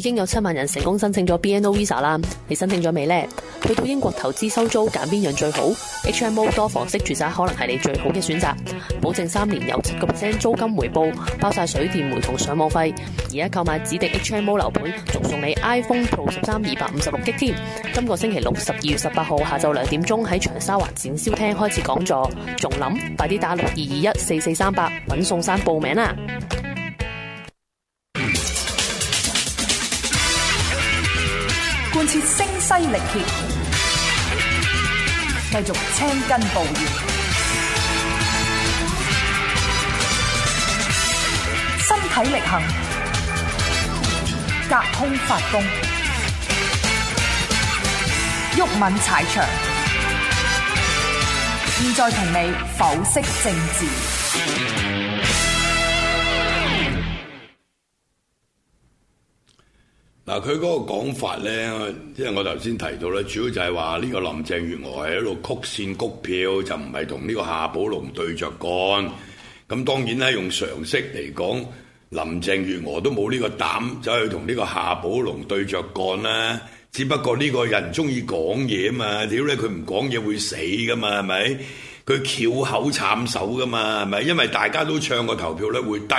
已經有七萬人成功申請咗 BNO Visa 啦，你申請咗未呢？去到英國投資收租揀邊樣最好？HMO 多房式住宅可能係你最好嘅選擇，保證三年有七個 percent 租金回報，包晒水電煤同上網費。而家購買指定 HMO 樓盤，仲送你 iPhone Pro 十三二百五十六 G 添。今個星期六十二月十八號下晝兩點鐘喺長沙灣展銷廳，廳開始講座，仲諗快啲打六二二一四四三八搵宋生報名啦。切聲嘶力竭，繼續青筋暴現，身體力行，隔空發功，毓民踩場，現在同你剖析政治。嗱，佢嗰個講法呢，即係我頭先提到呢主要就係話呢個林鄭月娥喺一度曲線谷票，就唔係同呢個夏寶龍對着幹。咁、嗯、當然咧，用常識嚟講，林鄭月娥都冇呢個膽走去同呢個夏寶龍對着幹啦。只不過呢個人中意講嘢嘛，屌你，佢唔講嘢會死噶嘛，係咪？佢翹口慘手噶嘛，係咪？因為大家都唱個投票率會低。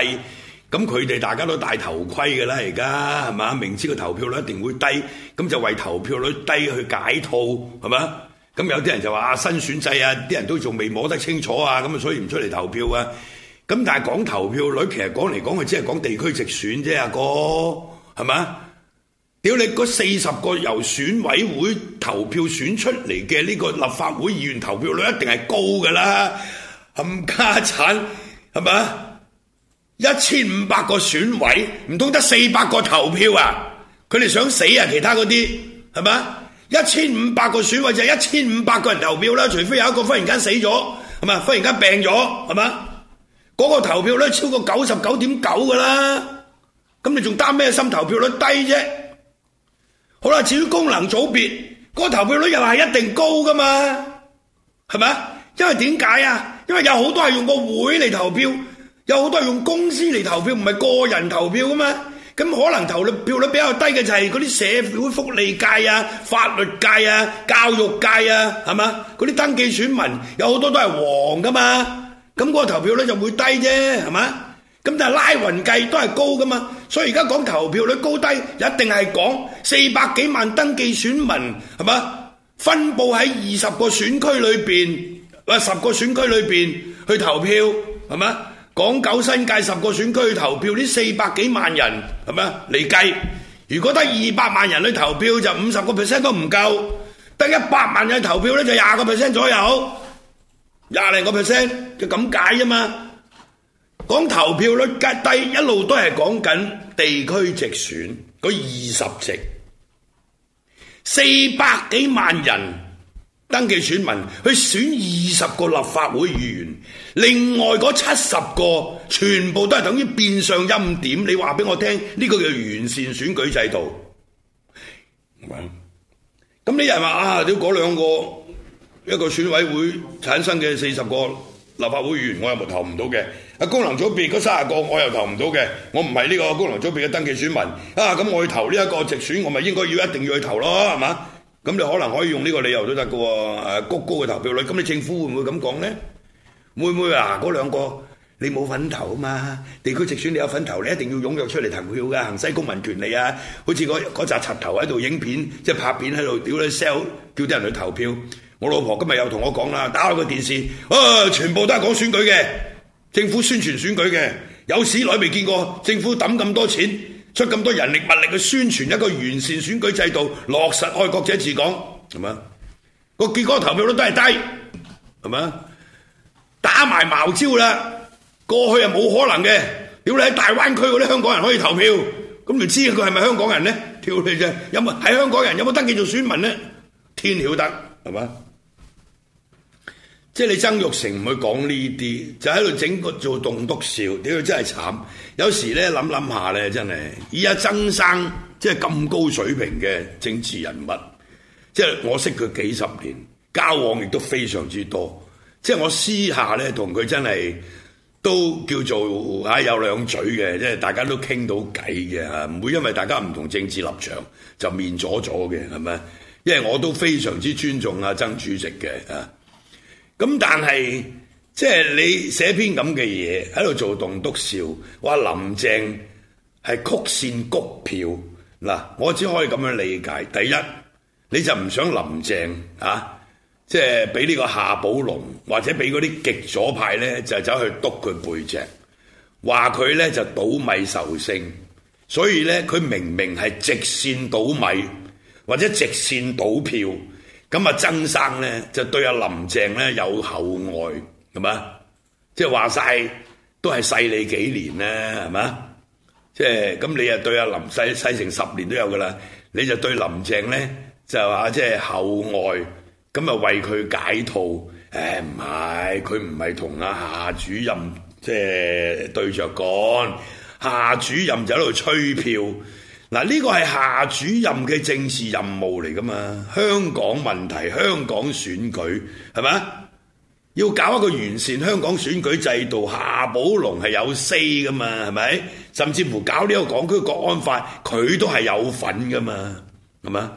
咁佢哋大家都戴頭盔嘅啦，而家係嘛？明知道個投票率一定會低，咁就為投票率低去解套係嘛？咁有啲人就話新選制啊，啲人都仲未摸得清楚啊，咁啊所以唔出嚟投票啊。咁但係講投票率，其實講嚟講去，只係講地區直選啫，阿哥係嘛？屌你嗰四十個由選委會投票選出嚟嘅呢個立法會議員，投票率一定係高㗎啦，冚家產係嘛？一千五百個選委唔通得四百個投票啊！佢哋想死啊！其他嗰啲係咪？一千五百個選委就係一千五百個人投票啦，啊，除非有一個忽然間死咗，係咪？忽然間病咗，係咪？嗰、那個投票率超過九十九點九噶啦，咁你仲擔咩心？投票率低啫。好啦，至於功能組別，嗰、那個投票率又係一定高噶嘛，係咪？因為點解啊？因為有好多係用個會嚟投票。有好多用公司嚟投票，唔係個人投票噶嘛？咁可能投票率比較低嘅就係嗰啲社會福利界啊、法律界啊、教育界啊，係嘛？嗰啲登記選民有好多都係黃噶嘛？咁、那、嗰個投票率就會低啫，係嘛？咁就係拉勻計都係高噶嘛？所以而家講投票率高低，一定係講四百幾萬登記選民係嘛？分布喺二十個選區裏邊或十個選區裏邊去投票係嘛？是吧？港九新界十個選區投票，呢四百幾萬人係咪啊？嚟計，如果得二百萬人去投票就五十個 percent 都唔夠，得一百萬人去投票咧就廿個 percent 左右，廿零，就是，個 percent 就咁解啫嘛。講投票率極低一路都係講緊地區直選嗰二十席，四百幾萬人。登記選民去選二十個立法會議員，另外嗰七十個全部都係等於變相欽點。你話俾我聽，呢個叫完善選舉制度。咁你又話啊，你嗰兩個一個選委會產生嘅四十個立法會議員，我又冇投唔到嘅。啊，功能組別嗰三十個我又投唔到嘅，我唔係呢個功能組別嘅登記選民啊。咁我去投呢一個直選，我咪應該要一定要去投咯，係嘛？咁你可能可以用呢個理由都得㗎喎，誒、啊、谷高嘅投票率，咁你政府會唔會咁講咧？會唔會啊？嗰兩個你冇份投啊嘛？地區直選你有份投，你一定要踴躍出嚟投票㗎，行使公民權利啊！好似嗰扎插頭喺度，影片即係拍片喺度，屌你 sell 叫啲人去投票。我老婆今日又同我講啦，打開個電視，啊，全部都係講選舉嘅，政府宣傳選舉嘅，有史以來未見過政府抌咁多錢。出咁多人力物力去宣傳一個完善選舉制度，落實愛國者治港，係嘛？個結果投票率都係低，係嘛？打埋茅招啦，過去係冇可能嘅。屌你喺大灣區嗰啲香港人可以投票，咁你知佢係咪香港人咧？跳你啫，有冇喺香港人有冇登記做選民咧？天曉得，係嘛？即係你曾玉成唔會講呢啲，就喺度整個做棟篤笑，屌佢真係慘！有時咧諗諗下咧，真係而家曾生即係咁高水平嘅政治人物，即係我識佢幾十年，交往亦都非常之多。即係我私下咧同佢真係都叫做啊、哎、有兩嘴嘅，即係大家都傾到偈嘅吓，唔會因為大家唔同政治立場就面阻阻嘅，係咪？因為我都非常之尊重阿、啊、曾主席嘅啊。咁但係，即係你寫篇咁嘅嘢喺度做棟篤笑，話林鄭係曲線谷票嗱，我只可以咁樣理解。第一，你就唔想林鄭啊，即係俾呢個夏寶龍或者俾嗰啲極左派咧，就走去篤佢背脊，話佢咧就倒米壽星。所以咧佢明明係直線倒米或者直線倒票。咁啊，曾生咧就對阿林鄭咧有厚愛，係嘛？即係話晒，都係細你幾年啦，係嘛？即係咁你啊對阿林細細成十年都有噶啦，你就對林鄭咧就話即係厚愛，咁啊為佢解套？誒唔係，佢唔係同阿夏主任即係、就是、對着講，夏主任就喺度吹票。嗱，呢個係夏主任嘅政治任務嚟噶嘛？香港問題、香港選舉係咪？要搞一個完善香港選舉制度，夏寶龍係有四噶嘛？係咪？甚至乎搞呢個港區國安法，佢都係有份噶嘛？係嘛？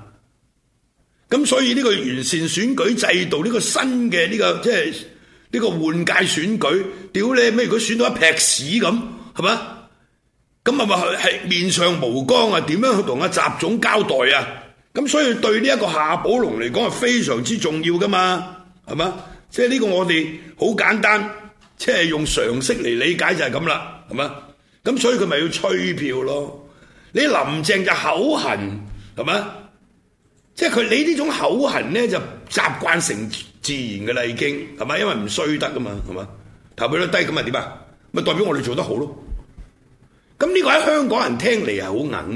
咁所以呢個完善選舉制度，呢、呢個新嘅呢、呢個即係呢個換屆、呢個、選舉，屌你咩？佢選到一劈屎咁係嘛？咁啊，咪係面上無光啊，點樣去同阿習總交代啊？咁所以對呢一個夏寶龍嚟講係非常之重要噶嘛，係嘛？即係呢個我哋好簡單，即係用常識嚟理解就係咁啦，係嘛？咁所以佢咪要吹票咯？你林鄭就口痕，係嘛？即係佢你呢種口痕咧就習慣成自然嘅啦已經，係嘛？因為唔衰得噶嘛，係嘛？投票率低咁咪點啊？咪代表我哋做得好咯？咁呢個喺香港人聽嚟係好哽耳，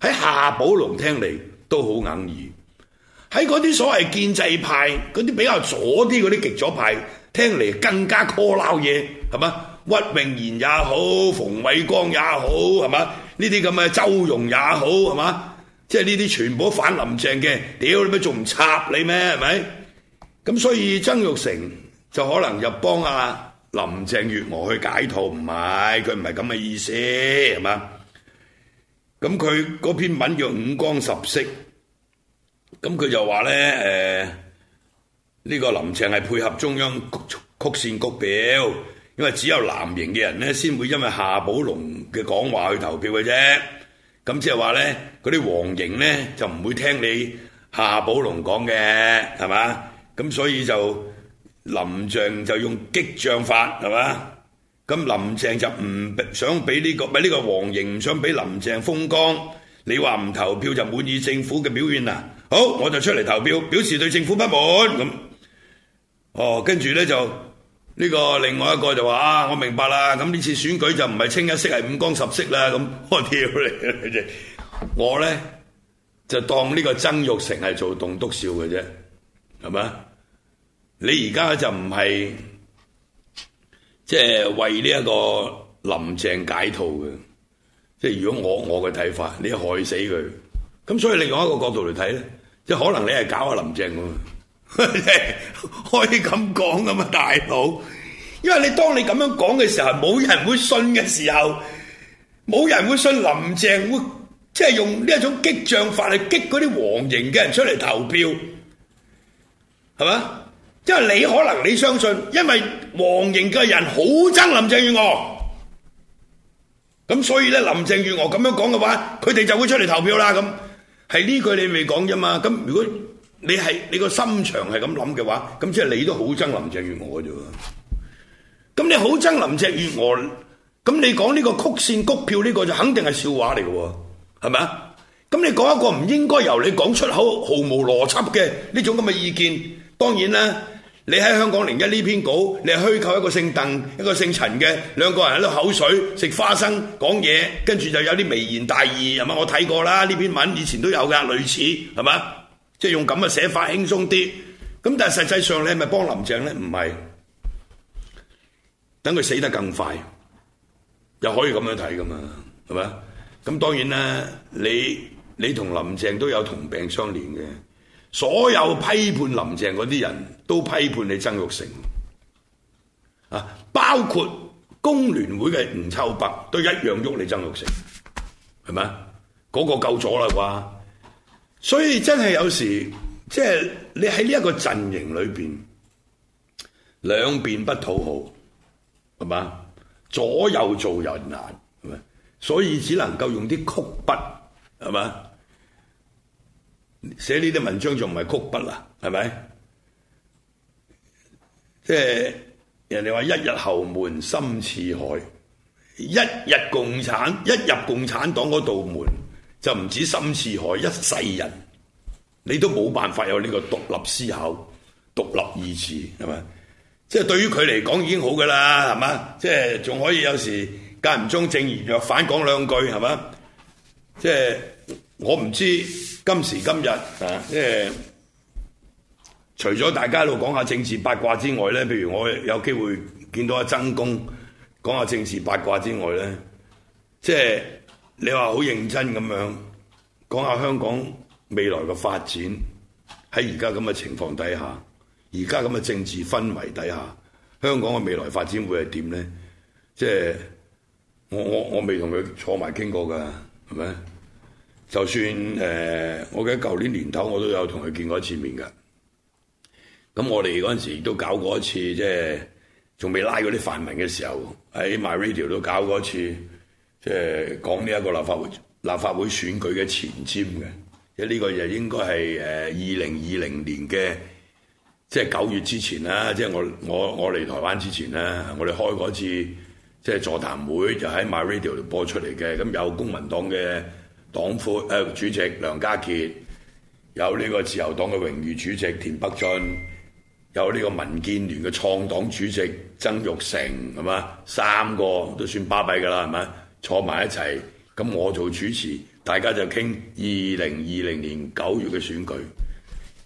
喺夏寶龍聽嚟都好哽耳，喺嗰啲所謂建制派嗰啲比較左啲嗰啲極左派聽嚟更加 call 撈嘢，係嘛？屈明賢也好，馮偉光也好，係嘛？呢啲咁嘅周融也好，係嘛？即係呢啲全部反林鄭嘅，屌你咪仲唔插你咩？係咪？咁所以曾鈺成就可能入幫啊！林鄭月娥去解套，唔係佢唔係咁嘅意思，係嘛？咁佢嗰篇文叫五光十色，咁佢就話咧，誒、呃，呢、這個林鄭係配合中央曲線局表，因為只有藍營嘅人咧，先會因為夏寶龍嘅講話去投票嘅啫。咁即係話咧，嗰啲黃營咧就唔會聽你夏寶龍講嘅，係嘛？咁所以就。林鄭就用激將法，係嘛？咁林鄭就唔想俾呢個，俾呢個黃營唔想俾林鄭風光。你話唔投票就滿意政府嘅表現啦。好，我就出嚟投票，表示對政府不滿。咁哦，跟住咧就呢個另外一個就話啊，我明白啦。咁呢次選舉就唔係清一色，係五光十色啦。咁我跳嚟嘅啫。我咧就當呢個曾玉成係做棟篤笑嘅啫，係嘛？你而家就唔係即係為呢一個林鄭解套嘅，即係如果我我嘅睇法，你害死佢，咁所以另外一個角度嚟睇咧，即係可能你係搞下林鄭噶嘛？ 可以咁講噶嘛，大佬？因為你當你咁樣講嘅時候，冇人會信嘅時候，冇人會信林鄭會即係、就是、用呢一種激將法嚟激嗰啲黃營嘅人出嚟投票，係嘛？即係你可能你相信，因為黃營嘅人好憎林鄭月娥，咁所以咧，林鄭月娥咁樣講嘅話，佢哋就會出嚟投票啦。咁係呢句你未講啫嘛？咁如果你係你個心腸係咁諗嘅話，咁即係你都好憎林鄭月娥嘅啫。咁你好憎林鄭月娥，咁你講呢個曲線谷票呢個就肯定係笑話嚟嘅，係咪啊？咁你講一個唔應該由你講出口、毫無邏輯嘅呢種咁嘅意見，當然啦。你喺香港零一篇稿，你係虛構一個姓鄧、一個姓陳嘅兩個人喺度口水食花生講嘢，跟住就有啲微言大義，係嘛？我睇過啦，呢篇文以前都有㗎，類似係嘛？即係用咁嘅寫法輕鬆啲。咁但係實際上咧，你係咪幫林鄭呢？唔係，等佢死得更快，又可以咁樣睇㗎嘛？係嘛？咁當然啦，你你同林鄭都有同病相憐嘅。所有批判林鄭嗰啲人都批判你曾玉成，啊，包括工聯會嘅吳秋北都一樣喐你曾玉成，係咪啊？嗰個夠咗啦啩？所以真係有時即係你喺呢一個陣營裏邊，兩邊不討好，係嘛？左右做人難，係咪？所以只能夠用啲曲筆，係嘛？寫呢啲文章就唔係曲筆啦，啊，係咪？即係人哋話一日后門深似海，一日共產一入共產黨嗰道門，就唔止深似海，一世人你都冇辦法有呢個獨立思考、獨立意志，係咪？即係對於佢嚟講已經好噶啦，係嘛？即係仲可以有時間唔中正言若反講兩句，係嘛？即係。我唔知今時今日，呃，啊，即係除咗大家喺度講下政治八卦之外咧，譬如我有機會見到阿曾公講下政治八卦之外咧，即係你話好認真咁樣講下香港未來嘅發展喺而家咁嘅情況底下，而家咁嘅政治氛圍底下，香港嘅未來發展會係點咧？即係我我我未同佢坐埋傾過㗎，係咪？就算誒、呃，我記得舊年年頭，我都有同佢見過一次面嘅。咁我哋嗰陣時都搞過一次，即係仲未拉嗰啲泛民嘅時候，喺 My Radio 都搞過一次，即係講呢一個立法會立法會選舉嘅前瞻嘅。即係呢個就應該係誒二零二零年嘅，即係九月之前啦。即係我我我嚟台灣之前啦，我哋開過一次即係座談會，就喺 My Radio 度播出嚟嘅。咁有公民黨嘅。黨副誒、呃、主席梁家傑，有呢個自由黨嘅榮譽主席田北俊，有呢個民建聯嘅創黨主席曾玉成，係嘛，三個都算巴閉㗎啦，係咪？坐埋一齊，咁我做主持，大家就傾二零二零年九月嘅選舉。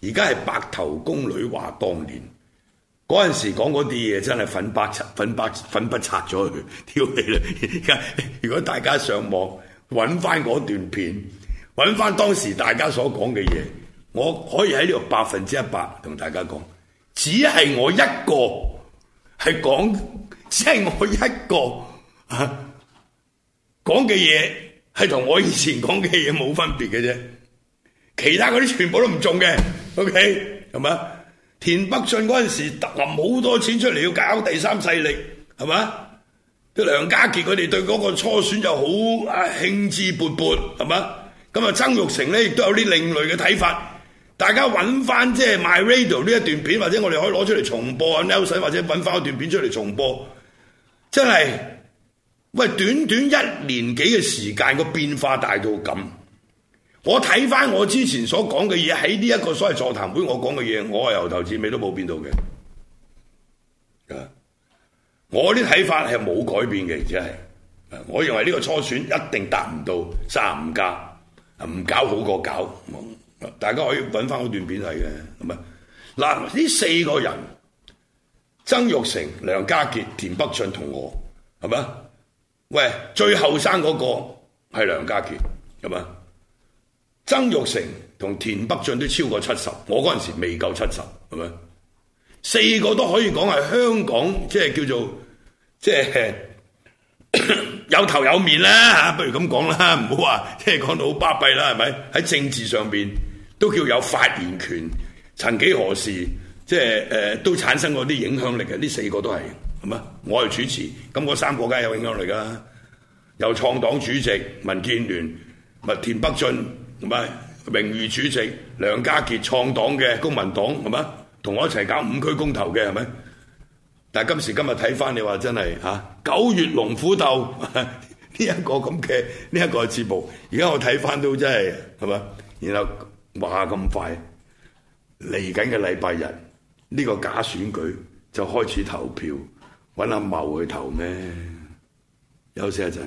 而家係白頭宮女話當年嗰陣時講嗰啲嘢，真係粉筆擦粉筆粉筆擦咗佢，挑起嚟。而家如果大家上網，揾翻嗰段片，揾翻當時大家所講嘅嘢，我可以喺呢度百分之一百同大家講，只係我一個係講，只係我一個啊講嘅嘢係同我以前講嘅嘢冇分別嘅啫，其他嗰啲全部都唔中嘅，OK 係嘛？田北俊嗰陣時揼好多錢出嚟要搞第三勢力，係嘛？梁家傑佢哋對嗰個初選就好啊興致勃勃係嘛？咁啊曾鈺成咧亦都有啲另類嘅睇法。大家揾翻即係 MyRadio 呢一段片，或者我哋可以攞出嚟重播啊，Nelson 或者揾翻嗰段片出嚟重播。真係喂，短短一年幾嘅時間，個變化大到咁。我睇翻我之前所講嘅嘢喺呢一個所謂座談會我，我講嘅嘢，我係由頭至尾都冇變到嘅。我啲睇法係冇改變嘅，而且係。我認為呢個初選一定達唔到三五加，唔搞好過搞。大家可以揾翻好段片睇嘅，係咪？嗱，呢四個人，曾鈺成、梁家傑、田北俊同我，係咪？喂，最後生嗰個係梁家傑，係咪？曾鈺成同田北俊都超過七十，我嗰陣時未夠七十，係咪？四個都可以講係香港，即係叫做即係 有頭有面啦吓，不如咁講啦，唔好話即係講到好巴閉啦，係咪？喺政治上邊都叫有發言權。曾幾何時，即係誒、呃、都產生過啲影響力嘅，呢四個都係係嘛？我係主持，咁嗰三個梗係有影響力噶，有創黨主席、民建聯、麥田北俊，同埋名譽主席梁家傑，創黨嘅公民黨，係嘛？同我一齊搞五區公投嘅係咪？但係今時今日睇翻你話真係嚇、啊，九月龍虎鬥呢一、啊這個咁嘅呢一個節目，而家我睇翻都真係係咪？然後話咁快嚟緊嘅禮拜日呢、這個假選舉就開始投票，搵阿茂去投咩？休息一陣。